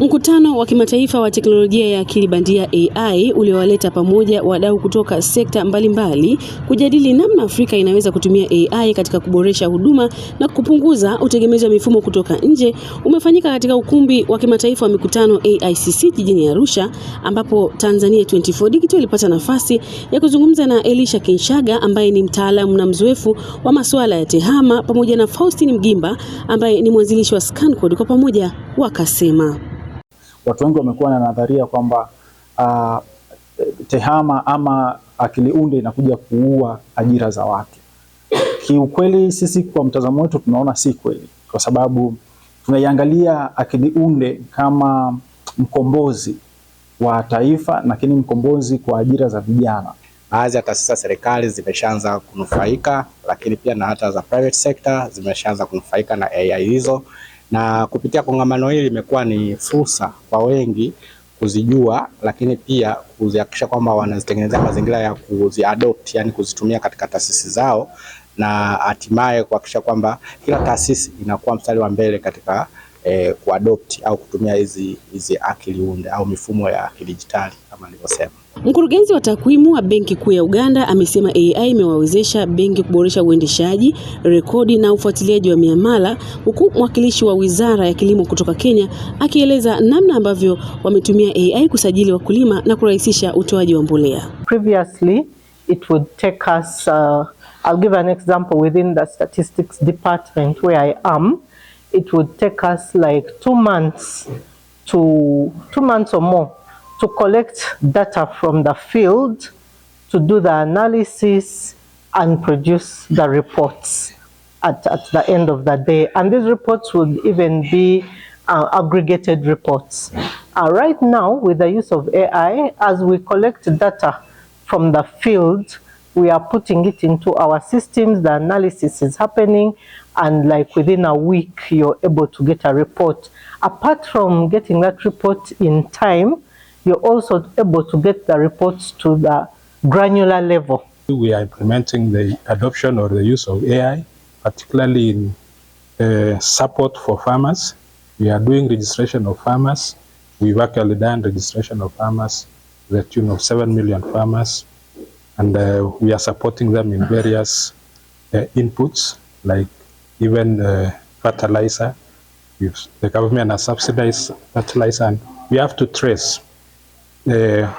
Mkutano wa kimataifa wa teknolojia ya akili bandia AI uliowaleta pamoja wadau kutoka sekta mbalimbali kujadili namna Afrika inaweza kutumia AI katika kuboresha huduma na kupunguza utegemezi wa mifumo kutoka nje umefanyika katika ukumbi wa kimataifa wa mikutano AICC jijini Arusha, ambapo Tanzania 24 Digital ilipata nafasi ya kuzungumza na Elisha Kinshaga ambaye ni mtaalamu na mzoefu wa masuala ya tehama pamoja na Faustin Mgimba ambaye ni mwanzilishi wa ScanCode, kwa pamoja wakasema watu wengi wamekuwa na nadharia kwamba uh, tehama ama akili unde inakuja kuua ajira za watu. Kiukweli sisi kwa mtazamo wetu tunaona si kweli, kwa sababu tunaiangalia akili unde kama mkombozi wa taifa, lakini mkombozi kwa ajira za vijana. Baadhi ya taasisi za serikali zimeshaanza kunufaika, lakini pia na hata za private sector zimeshaanza kunufaika na AI hizo na kupitia kongamano hili imekuwa ni fursa kwa wengi kuzijua, lakini pia kuzihakikisha kwamba wanazitengenezea mazingira ya kuziadopt, yani kuzitumia katika taasisi zao na hatimaye kuhakikisha kwamba kila taasisi inakuwa mstari wa mbele katika eh, kuadopt au kutumia hizi hizi akili unde au mifumo ya kidijitali kama nilivyosema. Mkurugenzi wa takwimu wa Benki Kuu ya Uganda amesema AI imewawezesha benki kuboresha uendeshaji, rekodi na ufuatiliaji wa miamala, huku mwakilishi wa Wizara ya Kilimo kutoka Kenya akieleza namna ambavyo wametumia AI kusajili wakulima na kurahisisha utoaji wa mbolea. Previously it would take us uh, I'll give an example within the statistics department where I am it would take us like two months to two months or more to collect data from the field to do the analysis and produce the reports at, at the end of the day. And these reports would even be uh, aggregated reports. Uh, right now, with the use of AI, as we collect data from the field, we are putting it into our systems. The analysis is happening, and like within a week, you're able to get a report. Apart from getting that report in time, you're also able to get the reports to the granular level. We are implementing the adoption or the use of AI, particularly in uh, support for farmers. We are doing registration of farmers. We've actually done registration of farmers, the tune of 7 million farmers and uh, we are supporting them in various uh, inputs like even uh, fertilizer. If the government has subsidized fertilizer, and we have to trace uh,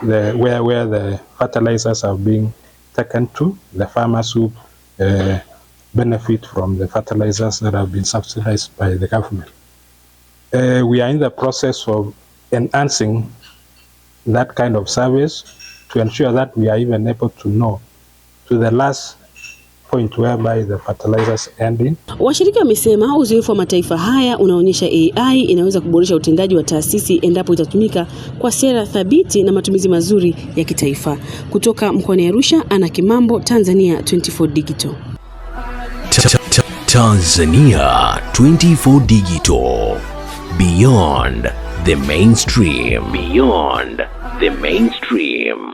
the, where where the fertilizers are being taken to. The farmers who uh, benefit from the fertilizers that have been subsidized by the government. Uh, we are in the process of enhancing that kind of service to ensure that we are even able to know to the last point whereby the fertilizers ending. Washiriki wamesema uzoefu wa mataifa haya unaonyesha AI inaweza kuboresha utendaji wa taasisi endapo itatumika kwa sera thabiti na matumizi mazuri ya kitaifa. Kutoka mkoani Arusha, Ana Kimambo, Tanzania 24 Digital. Tanzania 24 Digital. Beyond the mainstream. Beyond the mainstream.